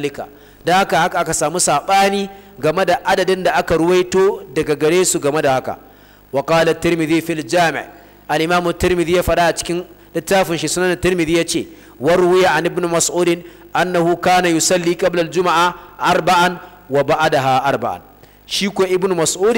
zalika da haka haka aka samu sabani game da adadin da aka ruwaito daga gare su game da haka wa qala tirmidhi fil jami' al imam tirmidhi ya fada a cikin littafin shi sunan tirmidhi yace warwiya an ibn mas'ud annahu kana yusalli qabla al jumu'a arba'an wa ba'daha arba'an shi ko ibn mas'ud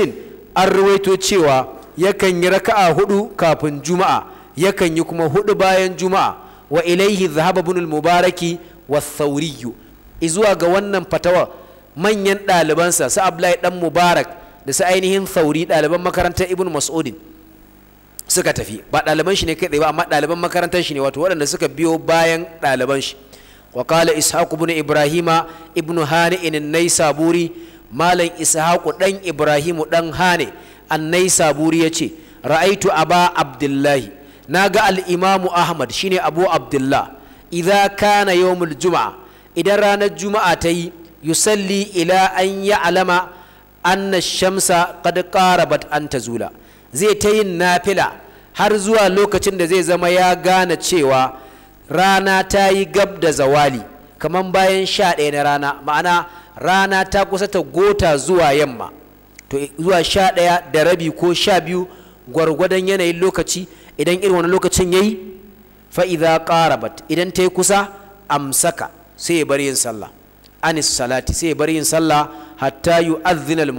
an ruwaito cewa yakan yi raka'a hudu kafin juma'a yakan yi kuma hudu bayan juma'a wa ilaihi dhahaba ibn al mubaraki wa thawriyyu izuwa ga wannan fatawa manyan ɗalibansa su Abdullahi dan Mubarak da su ainihin Thauri ɗaliban makarantar Ibn Mas'udin suka tafi ba ɗaliban shi ne kai tsaye ba amma ɗaliban makarantar shi ne wato waɗanda suka biyo bayan ɗaliban shi wa qala ishaq ibn ibrahima ibn hani in naysaburi malam ishaq dan ibrahimu dan hane an naysaburi yace ra'aitu aba abdullahi naga al-imamu ahmad shine abu abdullah idza kana yawmul juma'a idan ranar juma'a ta yi yusalli ila an ya alama anna shamsa kara qarabat an tazula zai ta yin nafila har zuwa lokacin da zai zama ya gane cewa rana ta yi gab da zawali kamar bayan sha ɗaya na rana ma'ana rana ta kusa ta gota zuwa yamma to zuwa sha ɗaya da rabi ko sha biyu gwargwadon yanayin lokaci idan irin wani lokacin ya yi fa'iza ƙarabat idan ta yi kusa amsaka sai ya bar yin sallah anis salati sai ya bar yin sallah hatta yu'adhdhina al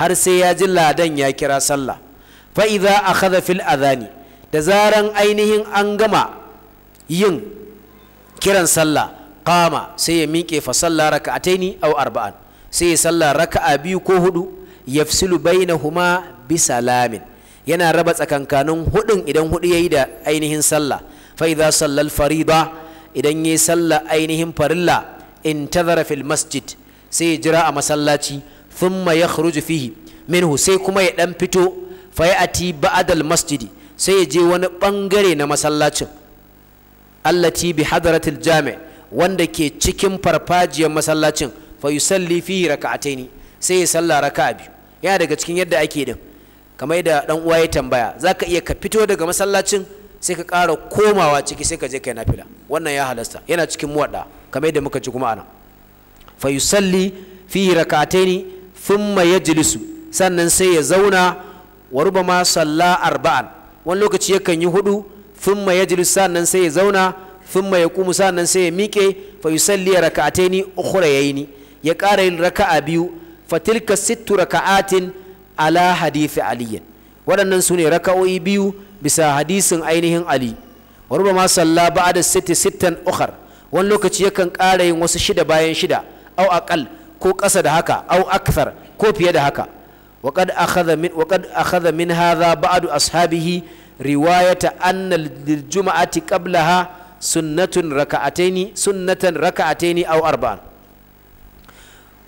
har sai ya ji ladan ya kira sallah fa idza akhadha fil adhani da zaran ainihin an gama yin kiran sallah qama sai ya miƙe fa salla raka'ataini aw arba'an sai ya salla raka'a biyu ko hudu yafsilu bainahuma bi salamin yana raba tsakankanin hudun idan hudu yayi da ainihin sallah fa idza salla farida idan yi sallah ainihin farilla in ta fil masjid sai ya jira a masallaci thumma yakhruju fihi minhu sai kuma ya dan fito fa a ba'da masjid sai ya je wani bangare na masallacin allati bi hadaratil jami' wanda ke cikin farfajiyar masallacin fa yusalli fihi raka'ataini sai ya salla raka'a biyu yana daga cikin yadda ake din kamar da dan uwa ya tambaya zaka iya ka fito daga masallacin sai ka ƙara komawa ciki sai ka je kai nafila wannan ya halasta yana cikin muwaɗa kamar yadda muka ci kuma ana fa yusalli fi rak'ataini thumma yajlisu sannan sai ya zauna wa rubama salla arba'an wani lokaci yakan yi hudu thumma yajlisu sannan sai ya zauna thumma yaqumu sannan sai ya miƙe fa yusalli rak'ataini ukhrayaini ya ƙara yin raka'a biyu fa tilka sittu raka'atin ala hadithi aliyyin waɗannan su ne raka'o'i biyu bisa hadisin ainihin ali wa rubama salla ba'da sitti sittan ukhar wani lokaci yakan ƙara yin wasu shida bayan shida au aqal ko ƙasa da haka au akthar ko fiye da haka وقد أخذ من وقد min من هذا بعض riwayata رواية أن للجمعة قبلها سنة ركعتين سنة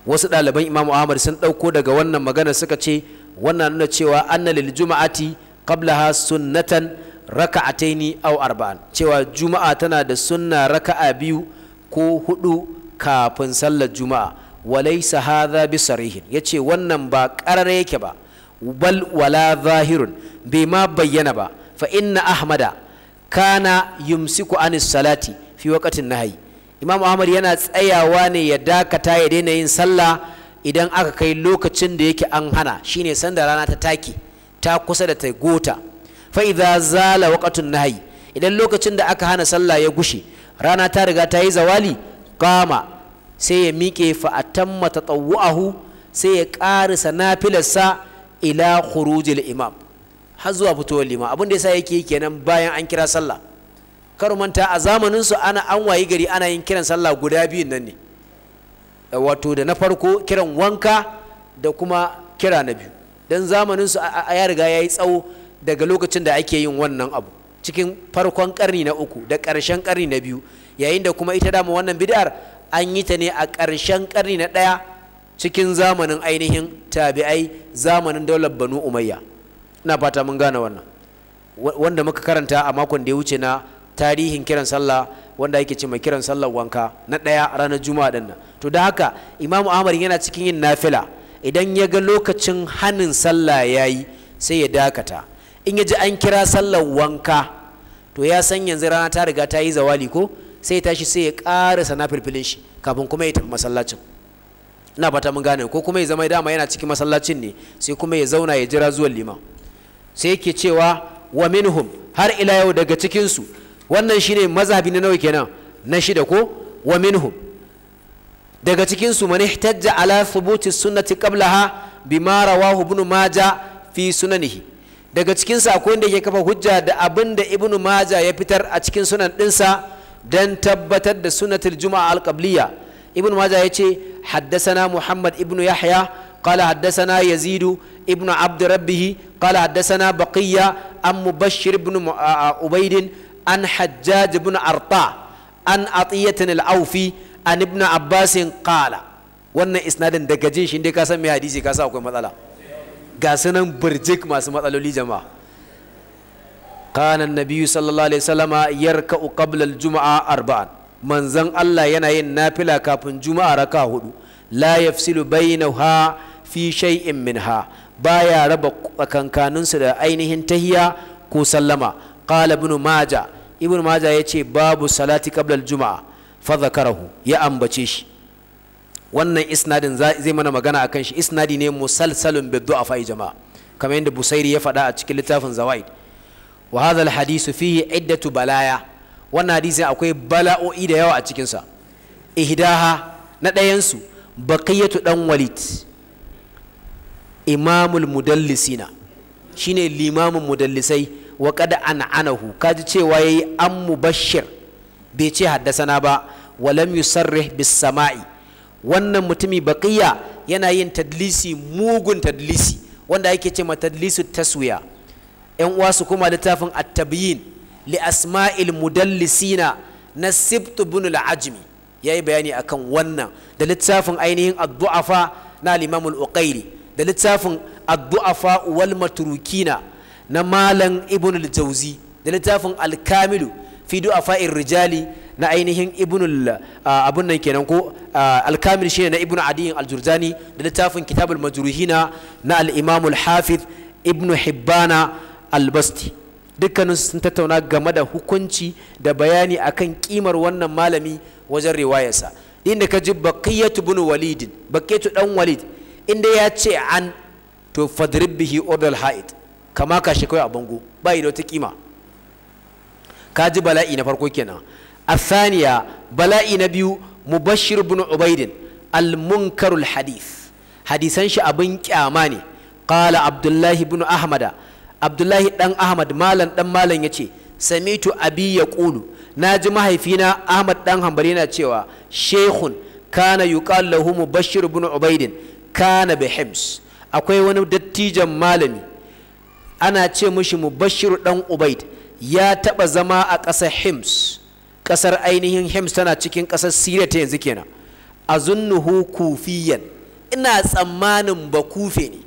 wasu ɗaliban imamu ahmad sun ɗauko daga wannan magana suka ce wannan nuna cewa anna lil juma'ati qablaha sunnatan raka'ataini aw arba'an cewa juma'a tana da sunna raka'a biyu ko hudu kafin sallar juma'a walaysa hadha bisarihin yace wannan ba qarare yake ba bal wala zahirun bai ma bayyana ba fa inna ahmada kana yumsiku anis salati fi waqtin nahyi imam ahmad yana tsayawa ne ya dakata ya daina yin sallah idan aka kai lokacin da yake an hana shine sanda rana ta take ta kusa da ta gota fa idza zala waqtun nahyi idan lokacin da aka hana sallah ya gushe rana ta riga ta yi zawali kama sai ya miƙe fa atamma tatawwu'ahu sai ya ƙara nafilarsa ila khurujil imam har zuwa fitowar lima abin da yasa yake kenan bayan an kira sallah kar manta a zamanin su ana an wayi gari ana yin kiran sallah guda biyun nan ne wato da na farko kiran wanka da kuma kira na biyu don zamaninsu ya riga ya yi tsawo daga lokacin da ake yin wannan abu cikin farkon karni na uku da ƙarshen karni na biyu yayin da kuma ita dama wannan bid'ar an yi ta ne a ƙarshen karni na ɗaya cikin zamanin ainihin tabi'ai zamanin daular banu umayya ina fata mun gane wannan wanda muka karanta a makon da ya wuce na tarihin kiran sallah wanda ake ce mai kiran Sallah wanka na ɗaya ranar juma'a dinnan. to da haka imamu ahmad yana cikin yin nafila idan ya ga lokacin hanin sallah ya yi sai ya dakata in ya ji an kira sallar wanka to ya san yanzu rana ta riga ta yi zawali ko sai ya tashi sai ya ƙarasa na filfilin shi kafin kuma ya tafi masallacin ina fata mun gane ko kuma ya zama dama yana cikin masallacin ne sai kuma ya zauna ya jira zuwan liman sai yake cewa wa minhum har ila yau daga cikinsu wannan shine mazhabi na nawa kenan na shida ko wa minhum daga cikin su man ihtajja ala thubuti sunnati qablaha bima rawahu ibn maja fi sunanihi daga cikin akwai wanda ke kafa hujja da abin da maja ya fitar a cikin sunan dinsa dan tabbatar da sunnatul juma'a al-qabliya ya ce yace haddathana muhammad ibnu yahya قال حدثنا يزيد ابن عبد ربه قال حدثنا بقية عن مبشر بن عبيد عن حجاج بن أرطاء عن عطية الأوفي an ibn abbasin qala wannan isnadin daga jin shi dai ka san mai hadisi ka san akwai matsala ga sunan birjik masu matsaloli jama'a kanan nabiyyu sallallahu alaihi wasallama yarka'u qabla al-jum'a arba'an manzon Allah yana yin nafila kafin juma'a raka hudu la yafsilu bainaha fi shay'in minha baya raba tsakankaninsu da ainihin tahiya ko sallama qala ibn majah ibn majah yace babu salati qabla Juma'a. fazakarahu ya ambace shi wannan isnadin zai mana magana kan shi isnadi ne musalsalun bi du'afa jama'a kamar yadda busairi ya faɗa a cikin littafin zawaid wa hadha alhadithu fihi iddatu balaya wannan hadisi akwai bala'o'i da yawa a cikin sa ihdaha na ɗayan su baqiyatu dan walid imamul mudallisina shine limamin mudallisai wa qad an'anahu kaji cewa yayi an mubashshir bai ce haddasana ba walam yusarrih bis sama'i wannan mutumi baqiya yana yin tadlisi mugun tadlisi wanda yake ce ma tadlisu taswiya yan uwa su kuma littafin at-tabyin li asma'il mudallisina na sibt ibn al-ajmi yayi bayani akan wannan da littafin ainihin ad-du'afa na al-imam al-uqairi da littafin ad-du'afa wal matrukina na malam ibn al-jawzi da littafin al-kamilu fi du'afa'ir rijali na ainihin ibnul abun nan kenan ko alkamil shine na ibnu adiyin aljurjani da littafin kitabul majruhina na al-imam al-hafiz ibnu hibbana al-basti dukkanin sun tattauna game da hukunci da bayani akan kimar wannan malami wajen riwayarsa inda ka ji baqiyatu ibn walid baqiyatu dan walid inda ya ce an to fadrib bihi ha'id kama ka shi kawai a bango bai da wata kima ka ji bala'i na farko kenan a saniya bala'i na biyu mubashir bin ubaidin almunkarul hadis hadisan shi abin kyama ne qala abdullahi bin ahmada abdullahi dan ahmad malan dan malan ya ce samitu abi ya kulu na ji mahaifina ahmad dan hanbali na cewa shehun kana yuqal lahu mubashir bin ubaidin kana bihims akwai wani dattijan malami ana ce mushi mubashir dan ubaid ya taɓa zama a ƙasar hims ƙasar ainihin hims tana cikin ƙasar siriya ta yanzu kenan a zunnuhu kufiyan ina tsammanin ba kufe ne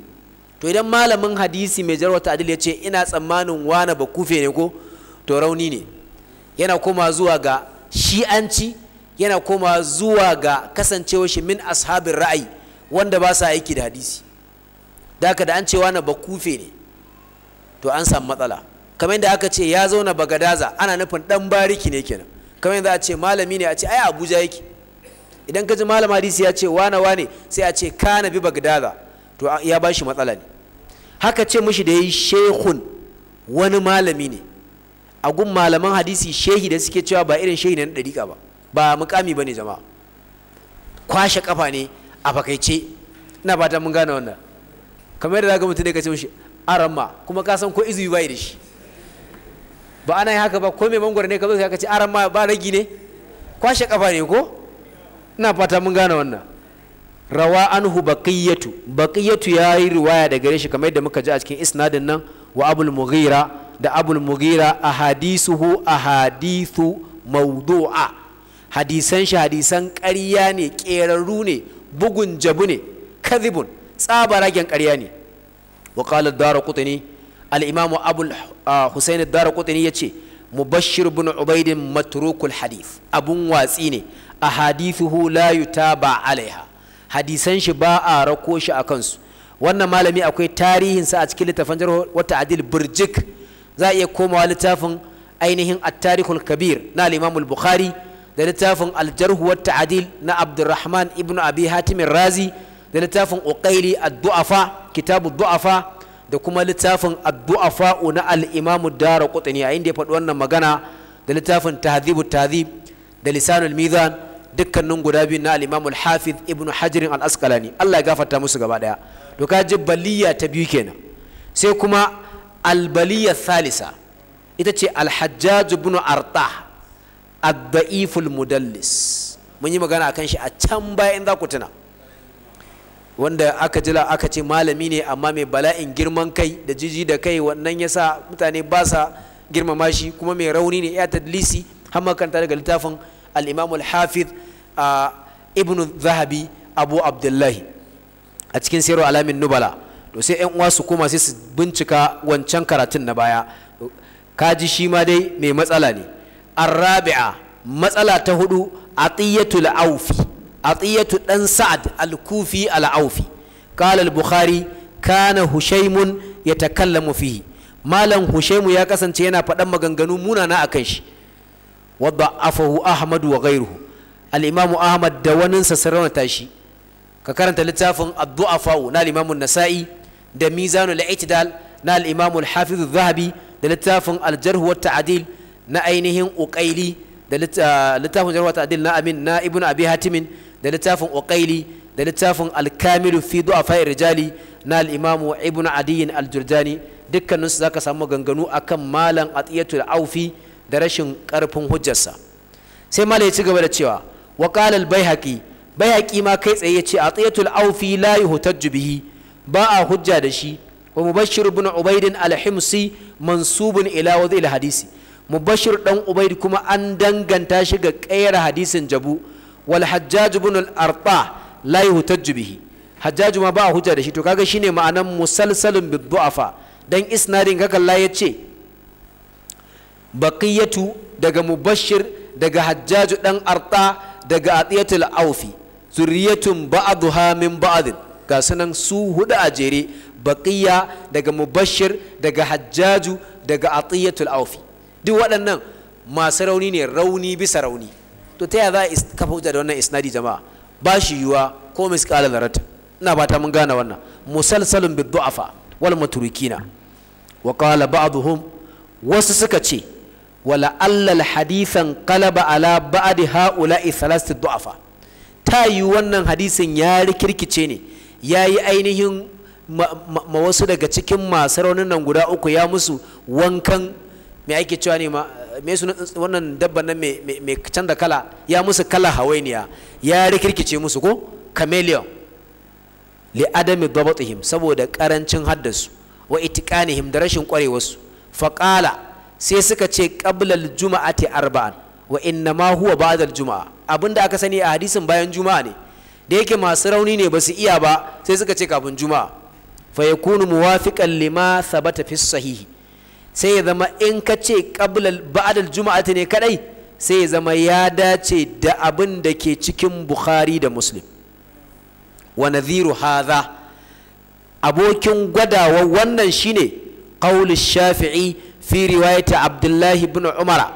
to idan malamin hadisi mai jarwa adil ya ce ina tsammanin wane ba kufe ne ko to rauni ne yana koma zuwa ga shi'anci yana koma zuwa ga kasancewar shi min ashabin ra'ayi wanda ba sa aiki da hadisi da haka da an ce wane ba kufe ne to an samu matsala kamar yadda aka ce ya zauna bagadaza ana nufin dan bariki ne kenan kamar yadda a ce malami ne a ce ai abuja yake idan ka ji malam hadisi ya ce wane wane sai a ce kana bi bagadaza to ya ba shi matsala ne haka ce mishi da yi shehun wani malami ne a gun malaman hadisi shehi da suke cewa ba irin shehi na ɗariƙa ba ba mukami ba ne jama'a kwashe kafa ne a fakaice ina fatan mun gane wannan kamar yadda zaka mutum ne ka ce mishi aramma kuma ka san ko izini bai da shi ba ana yi haka ba ko mai mangwaro ne ka zo ka ce aran ma ba ragi ne kwashe kafa ne ko ina fata mun gane wannan rawa anhu baqiyatu baqiyatu yi riwaya da gare shi kamar yadda muka ji a cikin isnadin nan wa abul mughira da abul mughira ahadithuhu ahadithu mawdu'a hadisan shi hadisan ƙarya ne ƙerarru ne bugun jabu ne kadhibun tsabaragen ƙarya ne wa qala ad-darqutni al-imam abul husain ad-darqutni yace mubashshir ibn ubayd matrukul hadith abun watsi ne ahadithuhu la ba alaiha hadisan shi ba a rako shi a kansu wannan malami akwai tarihinsa a cikin littafin jarh wa ta'dil burjik za iya komawa littafin ainihin at-tarikhul kabir na al-imam bukhari da littafin al-jarh wa ta'dil na abdurrahman ibn abi hatim razi da littafin uqaili a duafa kitabu du'afa da kuma littafin addu'afa'u na Al'imamu imamu dara kutani a inda ya faɗi wannan magana da littafin tahzibu tahzib da lisanul mizan dukkanin guda biyu na Al'imamu al-hafiz ibnu hajirin al-asqalani Allah ya gafarta musu gaba ɗaya to ka ji baliya ta biyu kenan sai kuma Albaliya Salisa ita ce al-hajjaj ibn arta ad mudallis mun yi magana akan shi a can bayan za ku tuna wanda aka jila aka ce malami ne amma mai bala'in girman kai da jiji da kai wannan yasa mutane ba sa girmama shi kuma mai rauni ne ya tadlisi har kanta daga littafin al-imam al-hafiz ibn zahabi abu abdullahi a cikin sayarwa alamin nubala to sai yan uwa su koma sai su bincika wancan karatun na baya kaji shi ma dai mai matsala ne arrabi'a matsala ta hudu atiyatul aufi atiyatu dan sa'ad al-kufi al-aufi qala al-bukhari kana hushaymun yatakallamu fihi malam hushaymu ya kasance yana faɗan maganganu munana akan shi wadda afahu ahmad wa ghayruhu al ahmad da waninsa sarrauna tashi ka karanta littafin ad na al nasai da mizanul i'tidal na al-imam al-hafiz da littafin al-jarh na ainihin uqaili da ah, littafin jarh wa ta'dil na amin na ibnu abi hatimin da littafin uqaili da littafin alkamilu fi rijali na al-imam ibn adiyin al-jurjani dukkanin su zaka samu ganganu akan malam atiyatul aufi da rashin karfin hujjarsa sai malai ci gaba da cewa wa qala al-baihaqi baihaqi ma kai tsaye yace atiyatul aufi la yuhtajju bihi ba a hujja da shi wa mubashir ibn ubaid al-himsi mansubun ila wadhi al-hadisi mubashir dan ubaid kuma an danganta shi ga kayar hadisin jabu wal hajjaj ibn al arta la yuhtajju bihi hajjaj ma ba hujja da shi to kaga shine ma'anan musalsalun bid dan isnadin kaga Allah ya ce baqiyatu daga mubashir daga hajjaj dan arta daga atiyatul aufi zurriyatun ba'dha min ba'd ga sunan su hudu a jere baqiya daga mubashir daga hajjaju daga atiyatul aufi duk waɗannan masu rauni ne rauni bisa rauni to ta yaya za a kafa hujja da wannan isnadi jama'a ba shi yiwa ko misqala zarata ina ba ta mun gane wannan musalsalun bi duafa wal maturikina wa qala ba'dhum wasu suka ce wala allal hadithan qalaba ala ba'd haula thalathati du'afa ta yi wannan hadisin ya rikirkice ne ya yi ainihin ma wasu daga cikin masu nan guda uku ya musu wankan me ake cewa ne ma me su wannan dabban nan mai canza kala ya musu kala hawainiya ya rikirkice musu ko chameleon li adami dabatihim saboda karancin haddasu wa itiqanihim da rashin kwarewarsu qala sai suka ce qabla aljuma'ati arba'an wa inna ma huwa ba'da aljuma'a abinda aka sani a hadisin bayan juma'a ne da yake masu rauni ne ba su iya ba sai suka ce kafin juma'a fa yakunu muwafiqan lima thabata fi sahihi sai ya zama in ka ce ba'adal juma'ati ne kadai sai ya zama ya dace da abin da ke cikin bukhari da muslim wa nadhiru hadha abokin gwadawa wannan shine qaulu shafi'i fi riwayati abdullahi ibn umar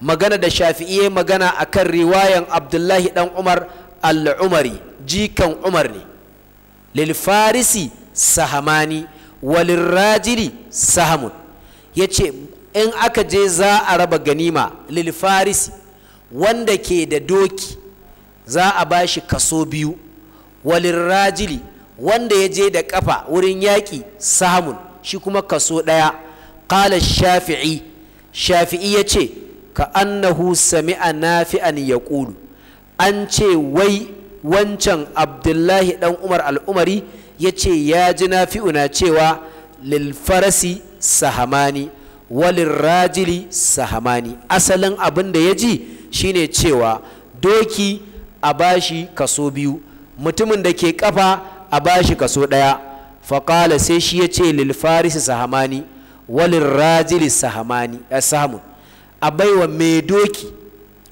magana da shafi'i magana akan riwayan abdullahi dan umar al-umari jikan umar ne lil farisi sahamani walil rajili sahamun ya ce in aka je za a raba ganima lil farisi wanda ke da doki za a ba shi kaso biyu walin rajili wanda ya je da kafa wurin yaƙi samun shi kuma kaso ɗaya ƙala shafi'i shafi'i ya ce ka annahu sami'a nafi'an ya ƙulu an ce wai wancan abdullahi ɗan umar al'umari ya ce ya ji nafi'una cewa lilfarasi sahamani walin rajili sahamani asalin abin da ya ji shine cewa doki a bashi kaso biyu mutumin da ke kafa a bashi kaso ɗaya faƙala sai shi ya ce lilfarisi sahamani walin rajili sahamani a samu a baiwa mai doki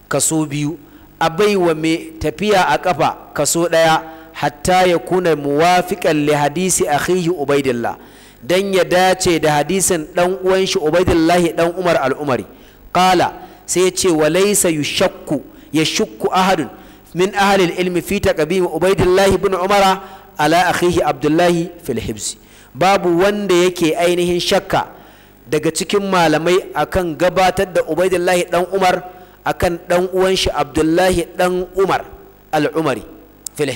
kaso biyu a baiwa mai tafiya a kafa kaso ɗaya hatta ya kuna muwafiƙan li hadisi akhihi ubaidillah dan ya dace da hadisin dan uwan shi ubaidillahi dan umar al'umari kala sai ya ce walaysa ya shukku ahadun min ahli al-ilmi fi taqdim ubaidillahi ibn umara ala akhihi abdullahi fil babu wanda yake ainihin shakka daga cikin malamai akan gabatar da ubaidillahi dan umar akan dan uwan shi abdullahi dan umar al'umari fil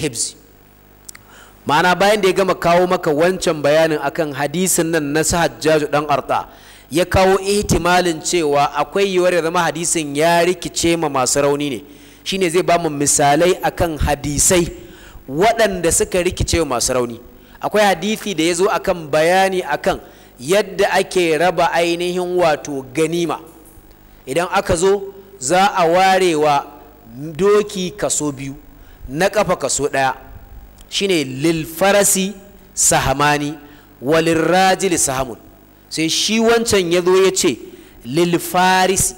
ma'ana bayan da ya gama kawo maka wancan bayanin akan hadisin nan na sahajjaju dan arta ya kawo ihtimalin cewa akwai yiwuwar ya zama hadisin ya rikice ma masu rauni ne shine zai ba mu misalai akan hadisai waɗanda suka rikice ma masu rauni akwai hadisi da ya zo akan bayani akan yadda ake raba ainihin wato ganima idan aka zo za a warewa doki kaso biyu na kafa kaso ɗaya shine lil farasi sahamani walil rajili sahamun sai shi wancan ya zo ya ce lil farisi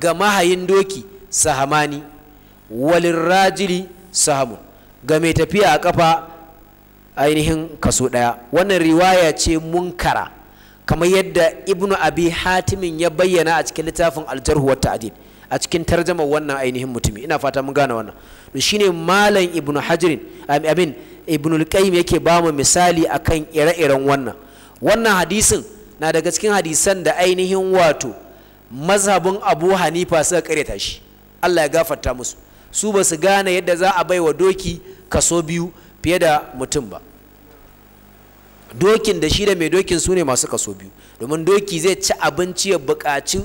ga mahayin doki sahamani walil rajili sahamun ga mai tafiya a kafa ainihin kaso ɗaya wannan riwaya ce munkara kamar yadda ibnu abi hatimin ya bayyana a cikin littafin aljarhu wa ta'dil a cikin tarjamar wannan ainihin mutumi ina fata mun gane wannan to shine malam ibnu hajirin abin ibnu alqayyim yake ba mu misali akan ire-iren wannan wannan hadisin na daga cikin hadisan da ainihin wato mazhabin abu hanifa suka kareta shi allah ya gafarta musu su ba su gane yadda za a baiwa doki kaso biyu fiye da mutum ba dokin da shi da mai dokin su ne masu kaso biyu domin doki zai ci abinci ya buƙaci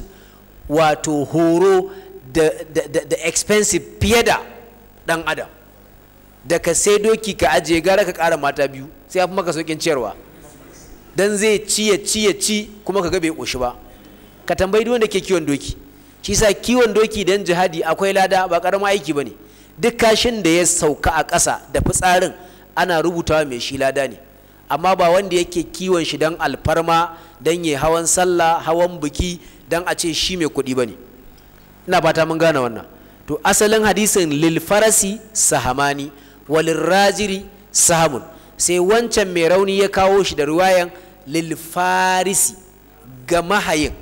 wato horo da expensive fiye da dan adam daga sai doki ka ajiye gara ka kara mata biyu sai ya fi maka saukin ciyarwa dan zai ci ya ci ya ci kuma ka ga bai ƙoshi ba ka tambayi duk wanda ke kiwon doki shi sa kiwon doki dan jihadi akwai lada ba ƙarama aiki ba ne duk kashin da ya sauka a ƙasa da fitsarin ana rubutawa mai shi lada ne amma ba wanda yake kiwon shi dan alfarma dan ya hawan sallah hawan biki dan a ce shi mai kuɗi bane ina fata mun gane wannan to asalin hadisin lil farasi sahamani walil rajiri sahamun sai wancan mai rauni ya kawo shi da ruwayan lil farisi ga mahayin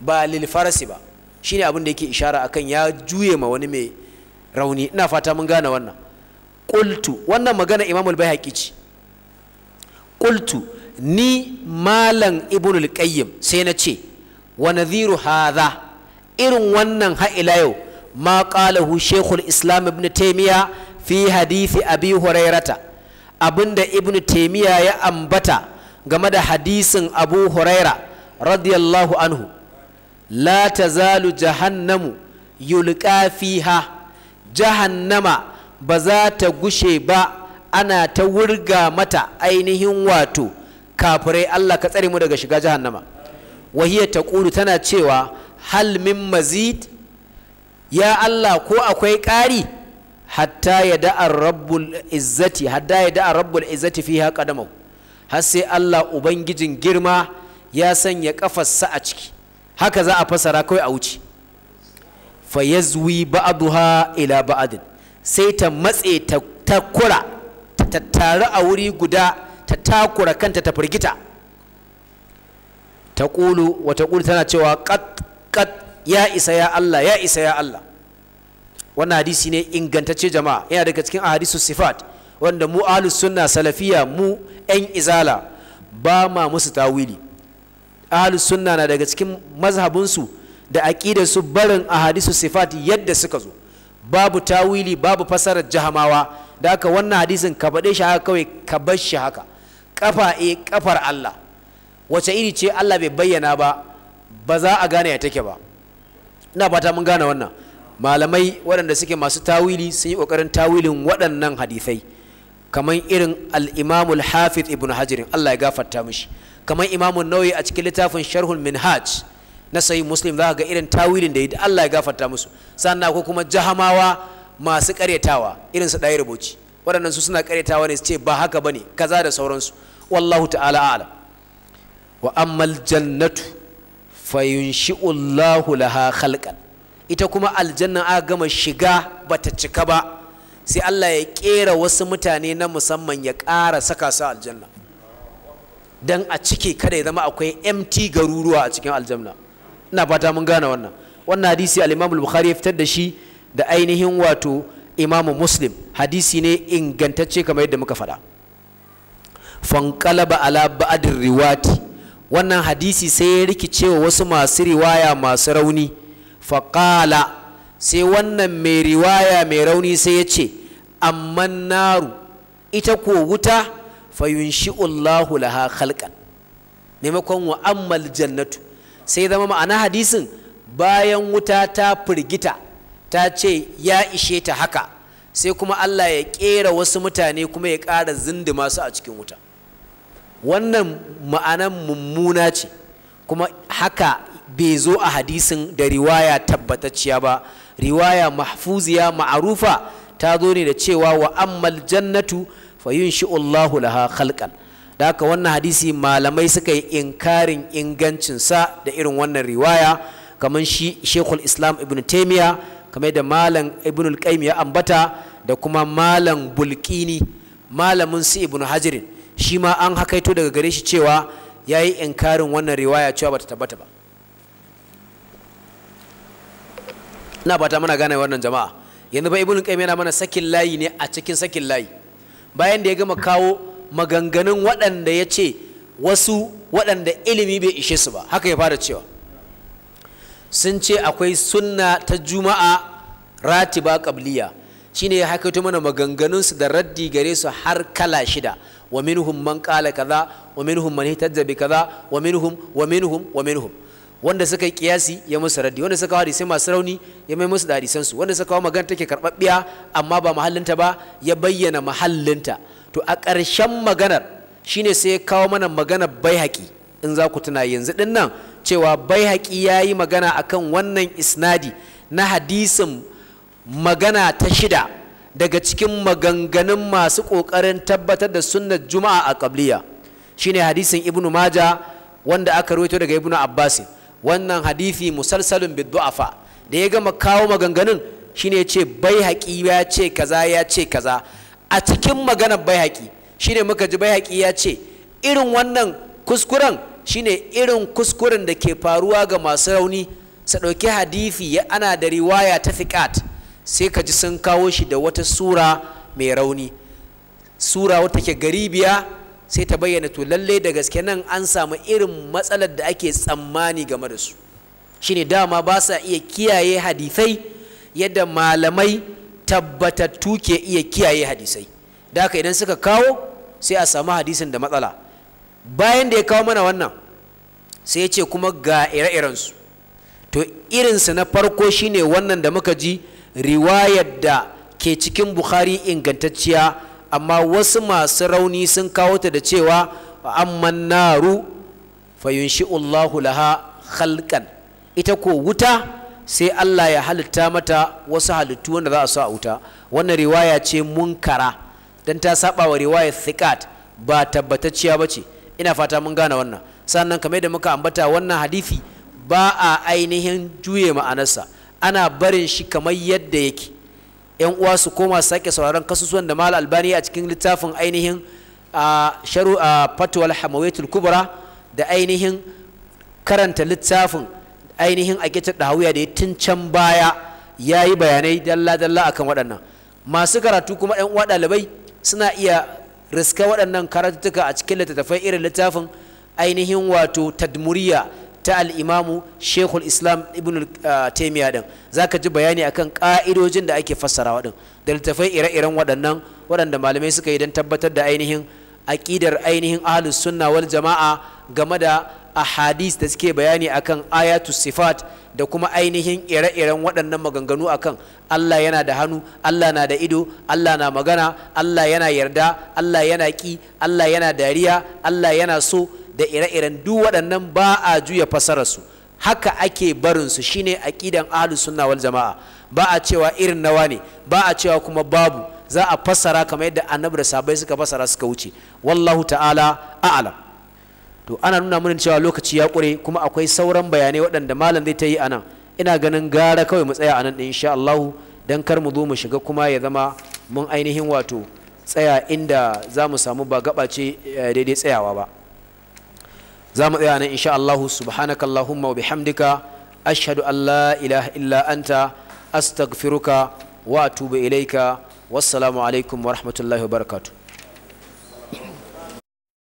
ba lil farasi ba shine abin da yake ishara akan ya juye ma wani mai rauni ina fata mun gane wannan qultu wannan magana imam al-baihaqi ce qultu ni malam ibnul qayyim sai na ce wa nadhiru hadha irin wannan ha ila yau ma qalahu shaykhul islam ibn taymiya fi hadithi abi hurairata abinda ibn taymiya ya ambata game da hadisin abu huraira radiyallahu anhu la tazalu jahannamu yulqa fiha jahannama ba za ta gushe ba ana ta wurga mata ainihin wato kafirai Allah ka tsare mu daga shiga jahannama Wahiyar ta ƙuru tana cewa halmin min mazid ya Allah ko akwai ƙari hatta ya da'a rabbul izzati hatta ya da'ar rabbul izzati har sai Allah ubangijin girma ya sanya ƙafarsa a ciki haka za a fasara kai a wuce fa yazwi ba'daha ila ba'adin sai ta matse ta takura ta tattaru a wuri guda ta takura kanta ta firgita ta kulu wa kulu tana cewa kat kat ya isa ya Allah ya isa ya Allah wannan hadisi ne ingantacce jama'a yana daga cikin ahadisu sifat wanda mu ahlus sunna salafiya mu yan izala ba ma musu tawili ahlus sunna na daga cikin mazhabinsu da aqidar su barin ahadisu sifat yadda suka zo babu tawili babu fasarar jahamawa da haka wannan hadisin ka faɗe shi haka kawai ka bar shi haka kafa e kafar Allah wace iri ce Allah bai bayyana ba ba za a gane ya take ba ina fata mun gane wannan malamai waɗanda suke masu tawili sun yi ƙoƙarin tawilin waɗannan hadisai kamar irin al-imamul hafiz ibn hajirin Allah ya gafarta mishi kamar imamun nawawi a cikin littafin sharhul minhaj na sayi muslim za ga irin tawilin da ya Allah ya gafarta musu sannan ko kuma jahamawa masu karyatawa irin su ɗaya rubuci waɗannan su suna karyatawa ne su ce ba haka bane kaza da sauransu wallahu ta'ala a'lam wa ammal jannatu fayinshi'u Allahu laha khalqan ita kuma aljanna a gama shiga bata cika ba sai Allah ya kera wasu mutane na musamman ya kara saka su aljanna dan a cike kada ya zama akwai empty garuruwa a cikin aljanna ina fata mun gane wannan wannan hadisi al-Imam al-Bukhari ya fitar da shi da ainihin wato Imam Muslim hadisi ne ingantacce kamar yadda muka faɗa fankalaba ala ba'dir riwati wannan hadisi sai ya rikice wa wasu masu riwaya masu rauni faƙala sai wannan mai riwaya mai rauni sai ya ce amma naru ita ko wuta Allahu laha khalqan maimakon wa ammal jannatu sai zama ma'ana hadisin bayan wuta ta firgita ta ce ya ishe ta haka sai kuma Allah ya ƙera wasu mutane kuma ya ƙara zindima su a cikin wuta wannan ma'anan mummuna ce kuma haka bai zo a hadisin da riwaya tabbatacciya ba riwaya mahfuziya ma'arufa ta zo ne da cewa wa ammal jannatu fa Allahu laha khalqan da haka wannan hadisi malamai suka yi inkarin ingancinsa da irin wannan riwaya kamar shi shekul islam ibn taimiya kamar da malam ibn ya ambata da kuma malam bulkini malamin su ibn hajirin shi ma an hakaito daga gare shi cewa ya yi inkarin wannan riwaya cewa ba bata tabbata ba na bata mana gane wannan jama'a yanzu ba ibnu qayyim yana mana sakin layi ne a cikin sakin layi bayan da ya gama kawo maganganun waɗanda ya ce wasu waɗanda ilimi bai ishe su ba haka ya fara cewa sun ce akwai sunna ta juma'a ratiba qabliya shine ya hakaito mana maganganunsu da raddi gare su har kala shida wa minhum man qala kaza wa minhum man ihtajja bi kaza wa minhum wa wanda suka yi kiyasi ya musu raddi wanda suka kawo sai masu rauni ya mai musu da hadisan su wanda suka kawo magana take karbabbiya amma ba mahallinta ba ya bayyana mahallinta to a ƙarshen maganar shine sai ya kawo mana magana bai haƙi in za ku tuna yanzu din nan cewa ya yayi magana akan wannan isnadi na hadisin magana ta shida daga cikin maganganun masu ƙoƙarin tabbatar da sunnar juma'a a qabliya shine hadisin ibnu maja wanda aka rawaito daga ibnu abbas wannan hadisi musalsalun du'afa da ya gama kawo maganganun shine ya ce bai haƙi ya ce kaza ya ce kaza a cikin maganar bai haƙi shine muka ji bai haƙi ya ce irin wannan kuskuren shine irin kuskuren da ke faruwa ga masu rauni su ɗauki hadisi ana da riwaya ta fiƙat sai ka ji sun kawo shi da wata sura mai rauni sura wata ke garibiya sai ta bayyana to lallai da gaske nan an samu irin matsalar da ake tsammani game da su shine dama ba sa iya kiyaye hadisai yadda malamai tabbatattu ke iya kiyaye hadisai da haka idan suka kawo sai a samu hadisin da matsala bayan da ya kawo mana wannan sai ya ce kuma ga ire-irensu to irinsu na farko shine wannan da muka ji riwayar da ke cikin bukhari ingantacciya amma wasu masu rauni sun kawo ta da cewa amman naru fayunshi'ullahu laha khalqan ita ko wuta sai Allah ya halitta mata wasu halittu wanda za a sa a wuta wannan riwaya ce munkara dan ta saba wa riwaya thiqat ba tabbatacciya bace ina fata mun gane wannan sannan kamar da muka ambata wannan hadisi ba a ainihin juye ma'anarsa ana barin shi kamar yadda yake yan uwa su koma sake sauraron kasusuwan da mal albani a cikin littafin ainihin a sharu a fatwal hamawaitul kubra da ainihin karanta littafin ainihin da kitar da ya can baya ya yi bayanai dalla-dalla akan waɗannan masu karatu kuma yan uwa ɗalibai suna iya riska waɗannan karatuttuka a cikin littattafai irin littafin ainihin wato tadmuriya ta al'imamu shekul islam ibn taimiyya din za ka ji bayani akan ƙa'idojin da ake fassarawa din da littafai ire-iren waɗannan waɗanda malamai suka yi don tabbatar da ainihin aƙidar ainihin ahlus sunna wal jama'a game da ahadis da suke bayani akan ayatu sifat da kuma ainihin ire-iren waɗannan maganganu akan Allah yana da hannu Allah na da ido Allah na magana Allah yana yarda Allah yana ƙi Allah yana dariya Allah yana so da ire-iren duk waɗannan ba a juya su haka ake barin su shine aƙidan ahlus sunna wal jama'a ba a cewa irin nawa ne ba a cewa kuma babu za a fassara kamar yadda annabi da sabai suka fassara suka wuce wallahu ta'ala a'lam to ana nuna mana cewa lokaci ya kure kuma akwai sauran bayanai waɗanda malam zai ta yi anan ina ganin gara kawai mu tsaya anan din insha Allah dan kar mu zo mu shiga kuma ya zama mun ainihin wato tsaya inda zamu samu ba gaba ce eh, daidai tsayawa ba za mu tsaya nan insha Allah subhanakallahumma wa bihamdika ashhadu an la ilaha illa anta astaghfiruka wa atubu ilaika wassalamu alaikum wa rahmatullahi wa barakatuh